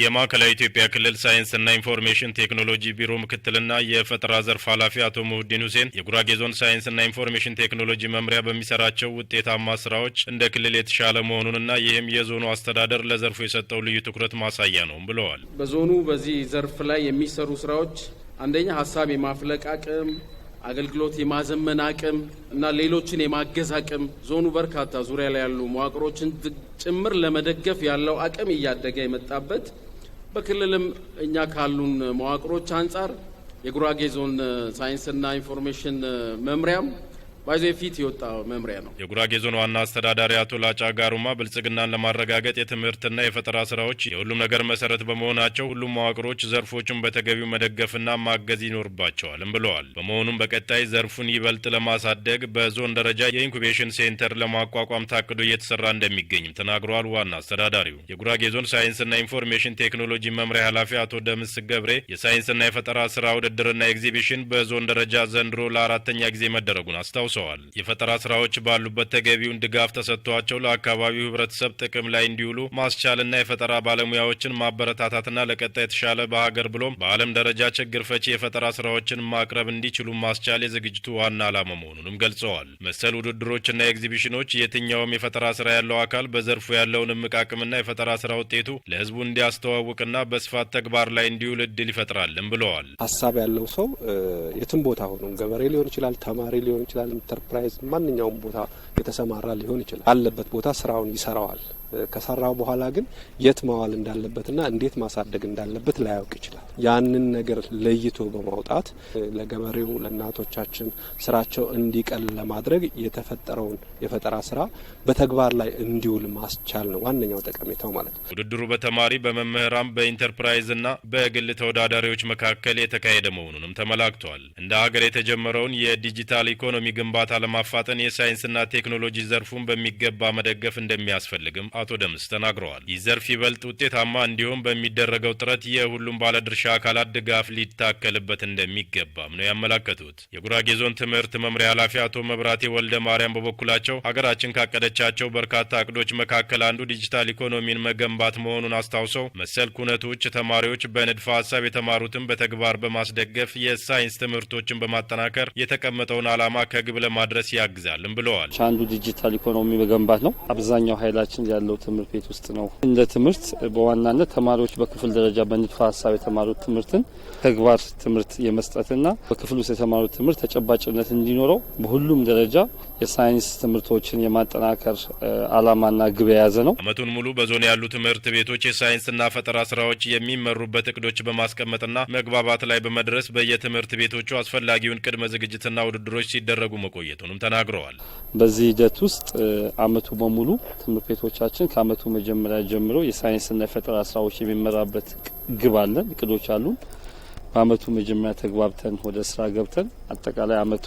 የማዕከላዊ ኢትዮጵያ ክልል ሳይንስና ኢንፎርሜሽን ቴክኖሎጂ ቢሮ ምክትልና የፈጠራ ዘርፍ ኃላፊ አቶ ሙህዲን ሁሴን የጉራጌ ዞን ሳይንስና ኢንፎርሜሽን ቴክኖሎጂ መምሪያ በሚሰራቸው ውጤታማ ስራዎች እንደ ክልል የተሻለ መሆኑንና ይህም የዞኑ አስተዳደር ለዘርፉ የሰጠው ልዩ ትኩረት ማሳያ ነውም ብለዋል። በዞኑ በዚህ ዘርፍ ላይ የሚሰሩ ስራዎች አንደኛ ሀሳብ የማፍለቅ አቅም፣ አገልግሎት የማዘመን አቅም እና ሌሎችን የማገዝ አቅም ዞኑ በርካታ ዙሪያ ላይ ያሉ መዋቅሮችን ጭምር ለመደገፍ ያለው አቅም እያደገ የመጣበት በክልልም እኛ ካሉን መዋቅሮች አንጻር የጉራጌ ዞን ሳይንስና ኢንፎርሜሽን መምሪያም ባይዞ ፊት የወጣ መምሪያ ነው። የጉራጌ ዞን ዋና አስተዳዳሪ አቶ ላጫ ጋሩማ ብልጽግናን ለማረጋገጥ የትምህርትና የፈጠራ ስራዎች የሁሉም ነገር መሰረት በመሆናቸው ሁሉም መዋቅሮች ዘርፎቹን በተገቢው መደገፍና ማገዝ ይኖርባቸዋልም ብለዋል። በመሆኑም በቀጣይ ዘርፉን ይበልጥ ለማሳደግ በዞን ደረጃ የኢንኩቤሽን ሴንተር ለማቋቋም ታቅዶ እየተሰራ እንደሚገኝም ተናግረዋል። ዋና አስተዳዳሪው የጉራጌ ዞን ሳይንስና ኢንፎርሜሽን ቴክኖሎጂ መምሪያ ኃላፊ አቶ ደምስ ገብሬ የሳይንስና የፈጠራ ስራ ውድድርና ኤግዚቢሽን በዞን ደረጃ ዘንድሮ ለአራተኛ ጊዜ መደረጉን አስታውሰ ገልጸዋል። የፈጠራ ስራዎች ባሉበት ተገቢውን ድጋፍ ተሰጥቷቸው ለአካባቢው ህብረተሰብ ጥቅም ላይ እንዲውሉ ማስቻልና የፈጠራ ባለሙያዎችን ማበረታታትና ለቀጣይ የተሻለ በሀገር ብሎም በዓለም ደረጃ ችግር ፈቺ የፈጠራ ስራዎችን ማቅረብ እንዲችሉ ማስቻል የዝግጅቱ ዋና ዓላማ መሆኑንም ገልጸዋል። መሰል ውድድሮችና ኤግዚቢሽኖች የትኛውም የፈጠራ ስራ ያለው አካል በዘርፉ ያለውን እምቅ አቅምና የፈጠራ ስራ ውጤቱ ለህዝቡ እንዲያስተዋውቅና በስፋት ተግባር ላይ እንዲውል እድል ይፈጥራልም ብለዋል። ሀሳብ ያለው ሰው የትም ቦታ ሆኖ ገበሬ ሊሆን ይችላል፣ ተማሪ ሊሆን ይችላል፣ ኢንተርፕራይዝ ማንኛውም ቦታ የተሰማራ ሊሆን ይችላል። አለበት ቦታ ስራውን ይሰራዋል። ከሰራው በኋላ ግን የት ማዋል እንዳለበትና እንዴት ማሳደግ እንዳለበት ላያውቅ ይችላል። ያንን ነገር ለይቶ በማውጣት ለገበሬው ለእናቶቻችን ስራቸው እንዲቀል ለማድረግ የተፈጠረውን የፈጠራ ስራ በተግባር ላይ እንዲውል ማስቻል ነው ዋነኛው ጠቀሜታው ማለት ነው። ውድድሩ በተማሪ በመምህራን በኢንተርፕራይዝና በግል ተወዳዳሪዎች መካከል የተካሄደ መሆኑንም ተመላክተዋል። እንደ ሀገር የተጀመረውን የዲጂታል ኢኮኖሚ ግንባ ግንባታ ለማፋጠን የሳይንስና ቴክኖሎጂ ዘርፉን በሚገባ መደገፍ እንደሚያስፈልግም አቶ ደምስ ተናግረዋል። ይህ ዘርፍ ይበልጥ ውጤታማ እንዲሁም በሚደረገው ጥረት የሁሉም ባለድርሻ አካላት ድጋፍ ሊታከልበት እንደሚገባም ነው ያመላከቱት። የጉራጌ ዞን ትምህርት መምሪያ ኃላፊ አቶ መብራቴ ወልደ ማርያም በበኩላቸው ሀገራችን ካቀደቻቸው በርካታ እቅዶች መካከል አንዱ ዲጂታል ኢኮኖሚን መገንባት መሆኑን አስታውሰው መሰል ኩነቶች ተማሪዎች በንድፈ ሀሳብ የተማሩትን በተግባር በማስደገፍ የሳይንስ ትምህርቶችን በማጠናከር የተቀመጠውን ዓላማ ከግብ ለማድረስ ያግዛልም ብለዋል። አንዱ ዲጂታል ኢኮኖሚ መገንባት ነው። አብዛኛው ኃይላችን ያለው ትምህርት ቤት ውስጥ ነው። እንደ ትምህርት በዋናነት ተማሪዎች በክፍል ደረጃ በንድፈ ሀሳብ የተማሩት ትምህርትን ተግባር ትምህርት የመስጠትና በክፍል ውስጥ የተማሩት ትምህርት ተጨባጭነት እንዲኖረው በሁሉም ደረጃ የሳይንስ ትምህርቶችን የማጠናከር አላማና ግብ የያዘ ነው። አመቱን ሙሉ በዞን ያሉ ትምህርት ቤቶች የሳይንስና ፈጠራ ስራዎች የሚመሩበት እቅዶች በማስቀመጥና መግባባት ላይ በመድረስ በየትምህርት ቤቶቹ አስፈላጊውን ቅድመ ዝግጅትና ውድድሮች ሲደረጉ መቆየቱንም ተናግረዋል። በዚህ ሂደት ውስጥ አመቱ በሙሉ ትምህርት ቤቶቻችን ከአመቱ መጀመሪያ ጀምሮ የሳይንስና የፈጠራ ስራዎች የሚመራበት ግብ አለን፣ እቅዶች አሉን። በአመቱ መጀመሪያ ተግባብተን ወደ ስራ ገብተን አጠቃላይ አመቱ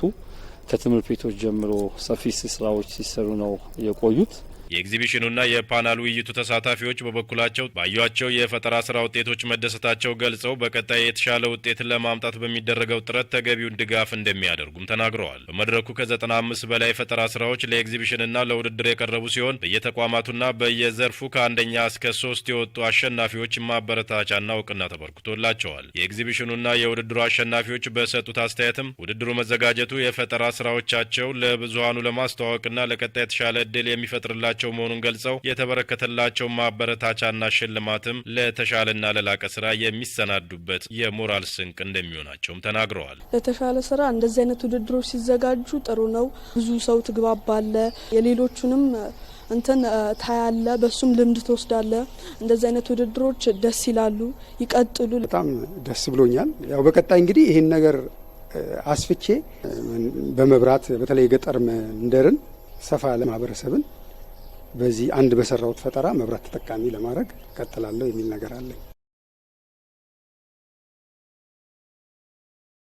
ከትምህርት ቤቶች ጀምሮ ሰፊ ስራዎች ሲሰሩ ነው የቆዩት። የኤግዚቢሽኑና የፓናል ውይይቱ ተሳታፊዎች በበኩላቸው ባዩቸው የፈጠራ ስራ ውጤቶች መደሰታቸው ገልጸው በቀጣይ የተሻለ ውጤትን ለማምጣት በሚደረገው ጥረት ተገቢውን ድጋፍ እንደሚያደርጉም ተናግረዋል። በመድረኩ ከ95 በላይ ፈጠራ ስራዎች ለኤግዚቢሽንና ለውድድር የቀረቡ ሲሆን በየተቋማቱና በየዘርፉ ከአንደኛ እስከ ሶስት የወጡ አሸናፊዎች ማበረታቻና እውቅና ተበርክቶላቸዋል። የኤግዚቢሽኑና የውድድሩ አሸናፊዎች በሰጡት አስተያየትም ውድድሩ መዘጋጀቱ የፈጠራ ስራዎቻቸው ለብዙሀኑ ለማስተዋወቅና ለቀጣይ የተሻለ እድል የሚፈጥርላቸው ያላቸው መሆኑን ገልጸው የተበረከተላቸው ማበረታቻና ሽልማትም ለተሻለና ለላቀ ስራ የሚሰናዱበት የሞራል ስንቅ እንደሚሆናቸውም ተናግረዋል። ለተሻለ ስራ እንደዚህ አይነት ውድድሮች ሲዘጋጁ ጥሩ ነው። ብዙ ሰው ትግባባለ፣ የሌሎቹንም እንትን ታያለ፣ በሱም ልምድ ትወስዳለ። እንደዚህ አይነት ውድድሮች ደስ ይላሉ፣ ይቀጥሉ። በጣም ደስ ብሎኛል። ያው በቀጣይ እንግዲህ ይህን ነገር አስፍቼ በመብራት በተለይ ገጠር መንደርን ሰፋ ያለ ማህበረሰብን በዚህ አንድ በሰራሁት ፈጠራ መብራት ተጠቃሚ ለማድረግ ቀጥላለሁ የሚል ነገር አለኝ።